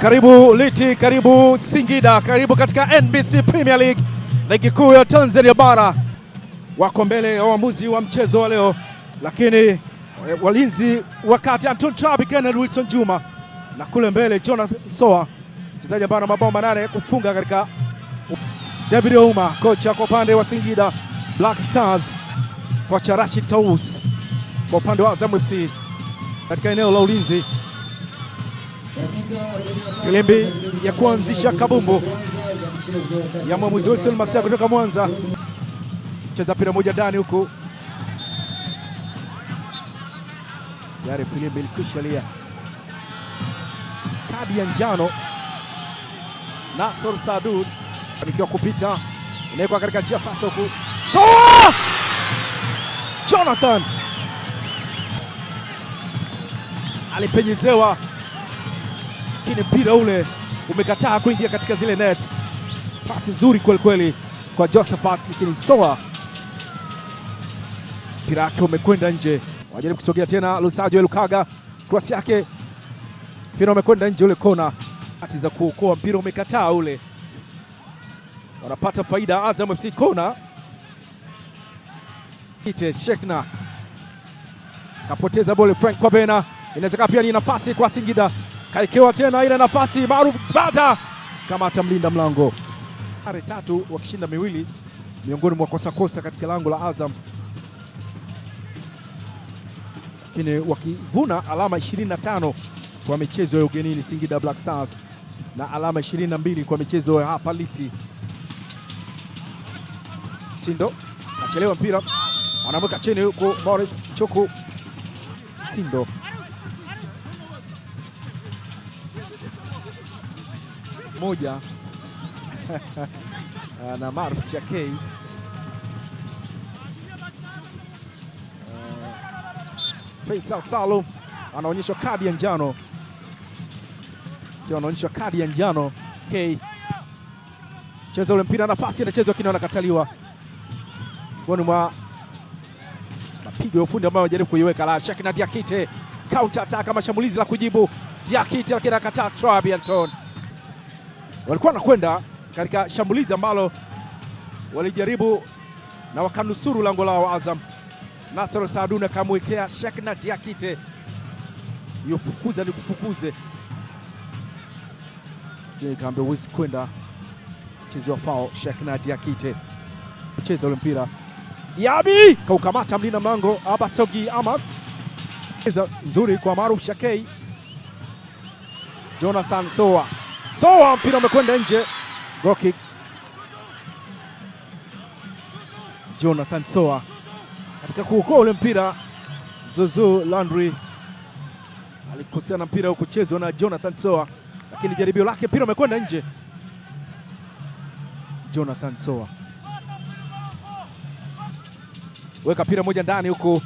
Karibu Liti, karibu Singida, karibu katika NBC Premier League, ligi kuu ya Tanzania bara. Wako mbele ya waamuzi wa mchezo wa leo, lakini eh, walinzi wakati Anton Trabi, Kenneth Wilson Juma na kule mbele Jonathan Soa, mchezaji ambaye ana mabao manane kufunga katika. David Ouma, kocha kwa upande wa Singida Black Stars, kocha Rashid Taus kwa upande wa Azam FC katika eneo la ulinzi. Filimbi ya kuanzisha kabumbu ya mwamuzi Wilson Masia kutoka Mwanza, cheza pira moja ndani huku tayari Filimbi ilikwishalia kadi ya njano. Nasor Sadud fanikiwa kupita, inawekwa katika njia sasa huku so! Jonathan alipenyezewa lakini mpira ule umekataa kuingia katika zile net. Pasi nzuri kweli kweli kwa Josephat, lakini Soa mpira wake umekwenda nje. Wajaribu kusogea tena, Lusajo Lukaga cross yake, mpira umekwenda nje ule kona. Hati za kuokoa mpira umekataa ule, wanapata faida Azam FC kona. Ite Shekna kapoteza bole, Frank Kwabena inawezekana pia ni nafasi kwa Singida kaikewa tena ile nafasi maru Bata kama atamlinda mlango. are tatu wakishinda miwili miongoni mwa kosakosa katika lango la Azam, lakini wakivuna alama 25 kwa michezo ya ugenini Singida Black Stars na alama 22 kwa michezo ya hapa Liti. Sindo achelewa mpira, anamweka chini huko Morris Choku Sindo. moja na Maruf Chakei eh, Faisal Salo anaonyeshwa kadi ya njano, akiwa anaonyeshwa kadi ya njano k cheza ule mpira, nafasi anachezwa kina, anakataliwa miongoni mwa mapigo ya ufundi ambayo anajaribu kuiweka. La shaki na Diakite, counter attack, mashambulizi la kujibu Diakite, lakini akakataa Trabi Anton walikuwa wanakwenda katika shambulizi ambalo walijaribu na wakanusuru lango lao Azam. Nasser saaduni akamwekea Shekna Diakite, yofukuza ni kufukuze, lakini ikaambia huwezi kwenda, mchezewa fao. Shekna Diakite cheza ule mpira, diabi kaukamata mlina mlango, Abasogi Amas cheza nzuri kwa Maruf Shakei, Jonathan Soa Soa mpira umekwenda nje. Goal kick. Jonathan Soa katika kuokoa ule mpira, Zuzu Landry alikosea na mpira kuchezwa na Jonathan Soa, lakini jaribio lake, mpira umekwenda nje. Jonathan Soa weka mpira moja ndani huku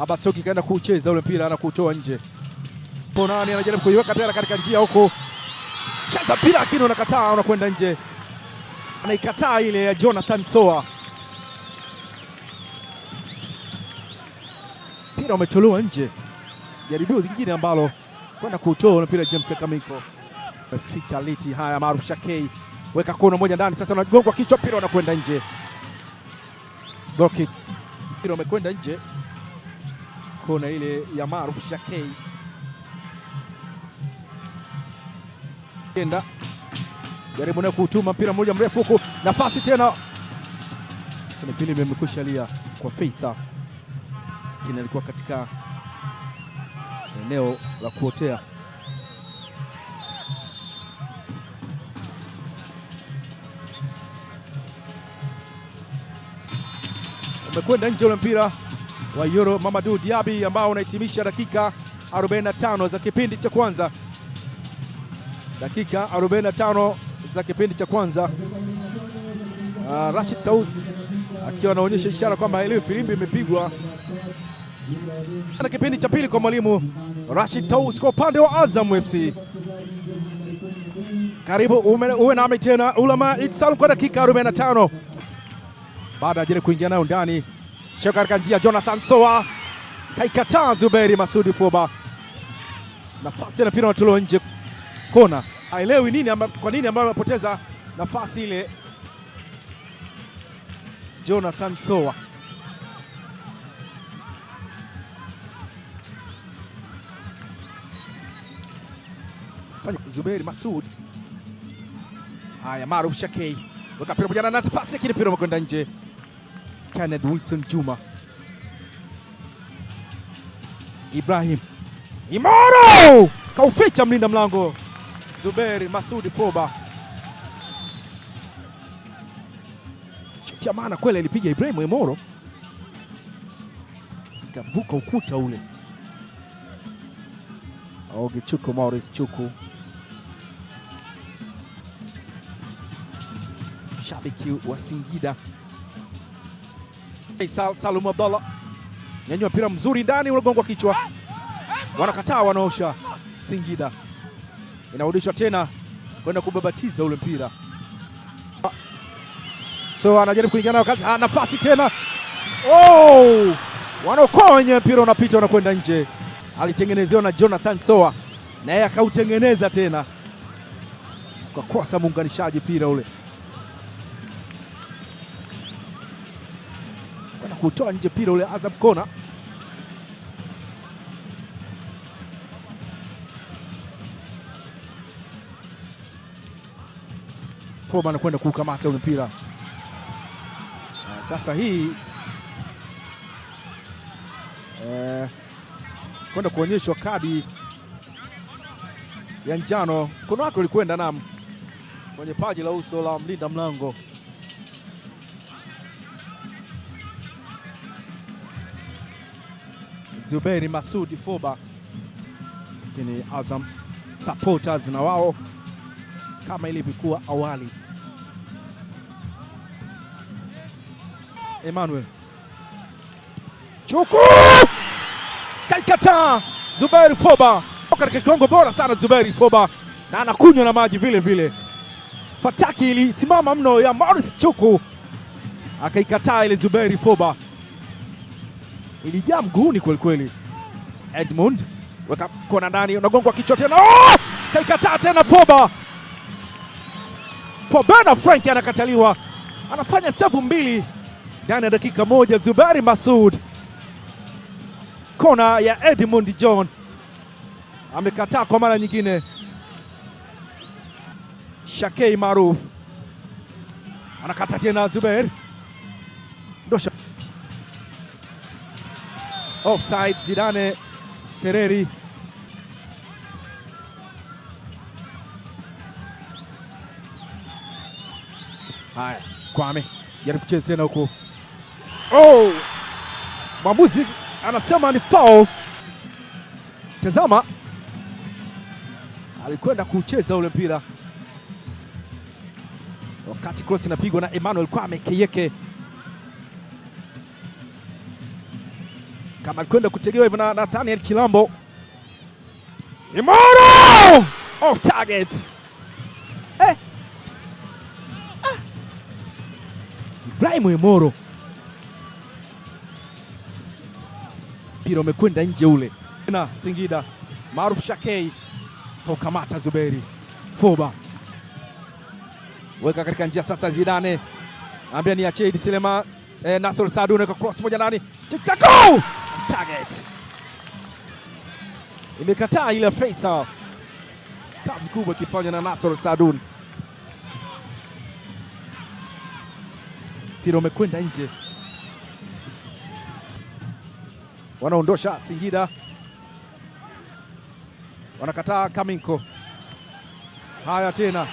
Abasoki kaenda kucheza ule mpira na kuutoa nje. Ponani anajaribu kuiweka tena katika njia huku cheza mpira lakini unakataa, unakwenda nje. Anaikataa ile ya Jonathan Soa, mpira umetolewa nje. Jaribio zingine ambalo kwenda kuutoa na mpira James Kamiko amefika liti. Haya, maarufu Shakei weka kona moja ndani, sasa unagongwa kichwa, mpira unakwenda nje. Goal kick, mpira umekwenda nje, kona ile ya maarufu Shakei. Kenda jaribu naye kuutuma mpira mmoja mrefu huku, nafasi tena, lakini imekwisha lia kwa Feisa, Lakini alikuwa katika eneo la kuotea. Umekwenda nje ule mpira wa Yoro Mamadou Diaby ambao unahitimisha dakika 45 za kipindi cha kwanza dakika 45 za kipindi cha kwanza. Uh, Rashid Taus akiwa anaonyesha ishara kwamba ile filimbi imepigwa na kipindi cha pili kwa mwalimu Rashid Taus kwa upande wa Azam FC. Karibu uwe nami tena Ulama Itsalum kwa dakika 45 baada ya jere kuingia nayo ndani shaka katika njia Jonathan Soa kaikataa Zuberi Masudi Foba, nafasi ya mpira unatolewa nje kona, haelewi nini amba, kwa nini ambayo amepoteza nafasi ile. Jonathan Sowa Zuberi Masud, haya Maruf Shakei weka pira pamoja na nafasi, lakini mpira umekwenda nje. Kenneth Wilson Juma Ibrahim Imoro kauficha mlinda mlango. Zuberi Masudi Foba. chutia, maana kweli alipiga Ibrahim Emoro, ikavuka ukuta ule. Ogi Chuku, Maurice Chuku, shabiki wa Singida. Faisal Salum Abdallah nyanyua mpira mzuri ndani, unagongwa kichwa, wanakataa wanaosha Singida inarudishwa tena kwenda kubabatiza ule mpira. So anajaribu kuingia nayo kati, nafasi tena oh! wanaokoa wenye mpira unapita unakwenda nje. Alitengenezewa na Jonathan Soa na yeye akautengeneza tena kwa kosa muunganishaji mpira ule kwenda kutoa nje mpira ule Azam kona Foreman anakwenda kukamata ule mpira. Sasa hii eh, kwenda kuonyeshwa kadi ya njano. Mkono wake ulikwenda nam kwenye paji la uso la mlinda mlango. Zuberi Masudi Foba, lakini Azam supporters na wao kama ilivyokuwa awali. Emmanuel Chuku kaikataa. Zuberi Foba katika kiwango bora sana, Zuberi Foba na anakunywa na maji vile vile. Fataki ilisimama mno ya Morris Chuku akaikataa ile. Zuberi Foba ilijaa mguuni kwelikweli. Edmund weka kona ndani, unagongwa kichwa tena, oh! kaikataa tena Foba Pobena Frank anakataliwa, anafanya safu mbili ndani ya dakika moja. Zuberi Masud, kona ya Edmund John amekataa kwa mara nyingine. Shakei Maruf anakata tena, Zuber ndosha offside. Zidane Sereri Haya, Kwame jaribu kucheza tena huko. Oh! Mwamuzi anasema ni foul. Tazama, alikwenda kucheza ule mpira wakati cross inapigwa na Emmanuel Kwame Keyeke. Kama alikwenda kutegewa hivyo na Nathaniel Chilambo. Imoro! Off target. Eh, Ibrahim Emoro, mpira umekwenda nje ule. Na Singida Maruf Shakei kaukamata Zuberi Foba, weka katika njia sasa. Zidane ambia ni achei Silema eh, Nasor Sadu naweka cross moja ndani, tiktaku oh! target imekataa ile faisal. Kazi kubwa ikifanywa na Nasor Saadun. Mpira umekwenda nje, wanaondosha Singida, wanakataa Kaminko. Haya tena,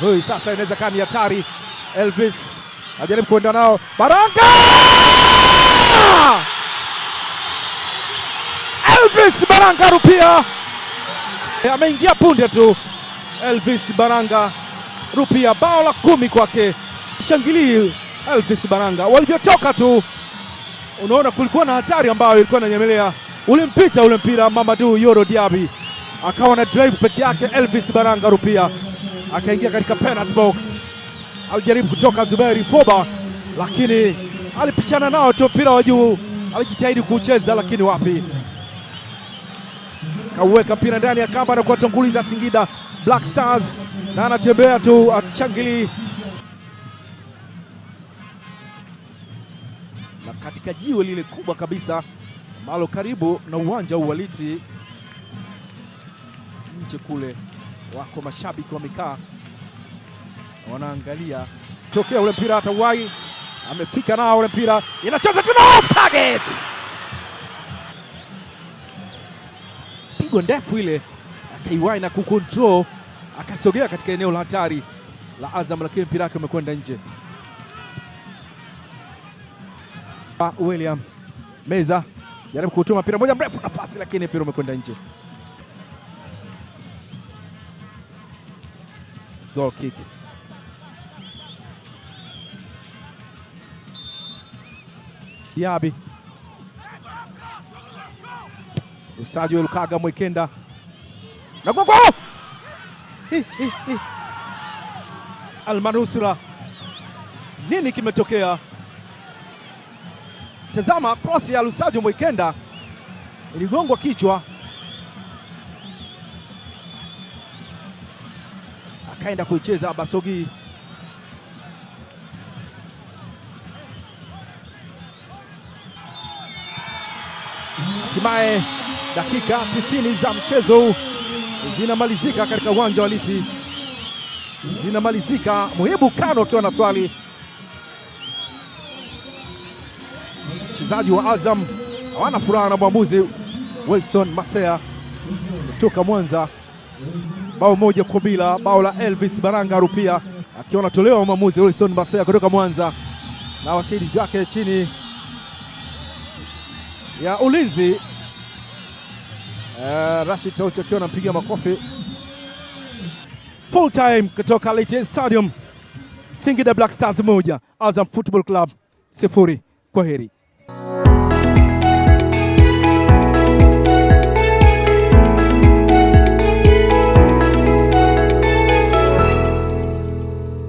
hoi sasa inaweza kaa ni hatari. Elvis ajaribu kuenda nao, Baraka Elvis Baranga Rupia ameingia punde tu. Elvis Baranga Rupia bao la kumi kwake, shangilii Alvis Baranga. Walivyotoka tu, unaona kulikuwa na hatari ambayo ilikuwa inanyemelea, ulimpita ule mpira Mamadou Yoro Diaby, akawa na drive peke yake. Elvis Baranga Rupia akaingia katika penalty box, alijaribu kutoka Zuberi Foba, lakini alipishana nao tu mpira wa juu, alijitahidi kuucheza, lakini wapi, kauweka mpira ndani ya kamba na kuwatanguliza Singida Black Stars, na anatembea tu achangili katika jiwe lile kubwa kabisa ambalo karibu na uwanja uwaliti nje kule, wako mashabiki wamekaa wanaangalia tokea ule mpira, hata wai amefika nao ule mpira, inacheza tena off target, pigo ndefu ile akaiwai na kukontrol, akasogea katika eneo la hatari la Azam, lakini mpira wake umekwenda nje. Ah, William Meza jaribu kutuma mpira moja mrefu, nafasi lakini mpira umekwenda nje. Goal kick. Diaby usaji wa Lukaga Mwikenda na gogo Almanusura, nini kimetokea? Tazama cross ya Lusajo Mwikenda iligongwa kichwa, akaenda kuicheza Basogi. Hatimaye dakika 90 za mchezo huu zinamalizika katika uwanja wa Liti, zinamalizika. Muhibu Kano akiwa na swali wachezaji wa Azam hawana furaha na mwamuzi Wilson Masea kutoka Mwanza. Bao moja kwa bila, bao la Elvis Baranga Rupia akiwa anatolewa mwamuzi Wilson Masea kutoka Mwanza na wasaidizi wake chini ya ulinzi uh, Rashid Tausi akiwa anampiga makofi. Full time kutoka Liti Stadium, Singida Black Stars moja Azam Football Club sifuri. heri.